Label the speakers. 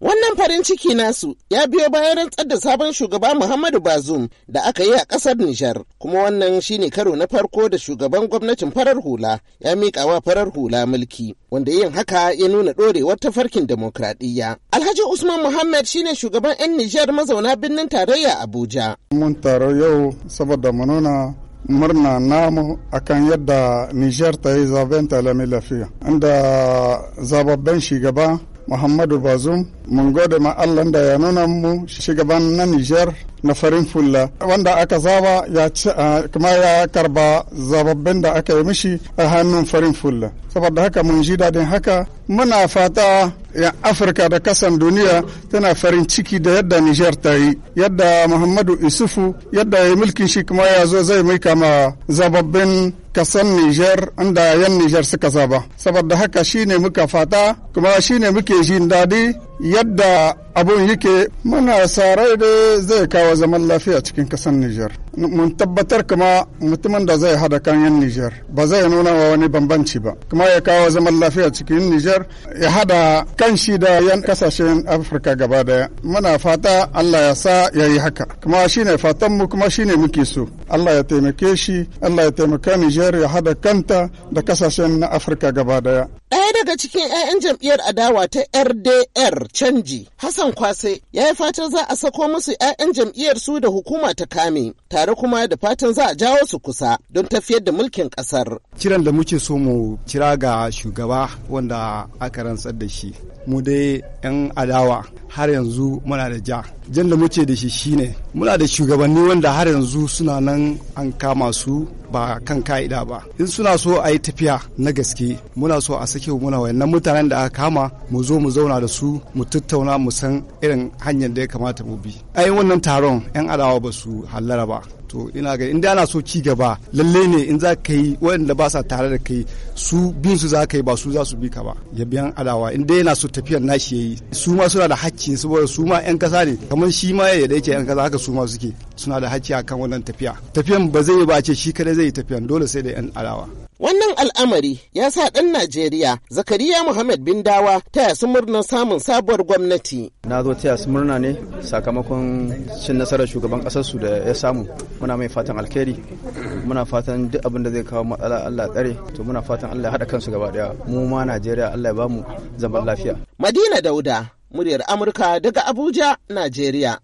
Speaker 1: Wannan farin ciki nasu ya biyo bayan rantsar da sabon shugaba Muhammadu Bazum da aka yi a ƙasar Nijar, kuma wannan shine karo na farko da shugaban gwamnatin farar hula ya miƙa wa farar hula mulki, wanda yin haka ya nuna ɗorewar tafarkin demokradiyya. Alhaji Usman Muhammad shine shugaban 'yan Nijar mazauna birnin tarayya
Speaker 2: Abuja. Mun taro yau saboda mu nuna murna namu akan yadda Nijar ta yi zaben ta lafiya, inda zababben shugaba Muhammadu Bazum mun gode ma Allah da ya nuna mu shugaban na Nijar na farin fulla wanda aka zaba ya ci kuma ya karba zababben da aka yi mishi a hannun farin fulla saboda haka mun ji daɗin haka muna fata ya afirka da kasan duniya tana farin ciki da yadda nijar ta yi yadda muhammadu isufu yadda ya yi mulkin shi kuma ya zo zai mai kama zababbin kasan nijar inda yan nijar suka zaba saboda haka shine muka fata kuma shine muke jin daɗi yadda abun yake mana sarai da zai kawo zaman lafiya cikin kasar Nijar. Mun tabbatar kuma mutumin da zai hada kan yan Nijar ba zai nuna wa wani bambanci ba. Kuma ya kawo zaman lafiya cikin Nijar ya hada kan shi da yan kasashen Afirka gaba daya. Muna fata Allah ya sa ya yi haka. Kuma shi ne fatanmu kuma shi ne muke so. Allah ya taimake shi, Allah ya taimaka Nijar ya hada kanta da kasashen Afirka gaba daya.
Speaker 1: Ɗaya daga cikin 'ya'yan jam'iyyar adawa ta RDR canji, Hassan Kwase, ya yi fatan za a sako musu 'ya'yan jam'iyyar su da hukuma ta kame,
Speaker 3: tare kuma da fatan za a jawo su kusa don tafiyar da mulkin ƙasar. Kiran da muke so mu kira ga shugaba wanda aka rantsar da shi. Mu dai 'yan adawa har yanzu muna da ja. Jan da muke da shi shine muna da shugabanni wanda har yanzu suna nan an kama su ba kan ka'ida ba in suna so a yi tafiya na gaske muna so a sake muna wayannan mutanen da aka kama mu zo mu zauna da su mu tattauna mu san irin hanyar da ya kamata mu bi ai wannan taron yan adawa ba su hallara ba to ina ga inda ana so ci gaba lalle ne in za ka yi waɗanda ba sa tare da kai su bin su za ka yi ba su za su bi ka ba ya biyan adawa inda yana so tafiyar nashi yayi su ma suna da hakki saboda su ma yan kasa ne kamar shi ma ya da yake yan kasa haka su ma suke suna da hakki akan wannan tafiya tafiyan ba zai ba ce shi kadai zai yi tafiyan dole sai da yan alawa
Speaker 1: Wannan al'amari ya sa ɗan Najeriya Zakariya Muhammad bin Dawa taya su murnar samun sabuwar gwamnati.
Speaker 3: Na zo taya su murna ne sakamakon cin nasarar shugaban ƙasarsu da ya samu. Muna mai fatan alkhairi, muna fatan duk abin da zai kawo matsala Allah tsare, to muna fatan Allah haɗa kansu gaba ɗaya. Mu ma Najeriya Allah ya bamu zaman lafiya. Madina Dauda,
Speaker 1: muryar Amurka daga Abuja, Najeriya.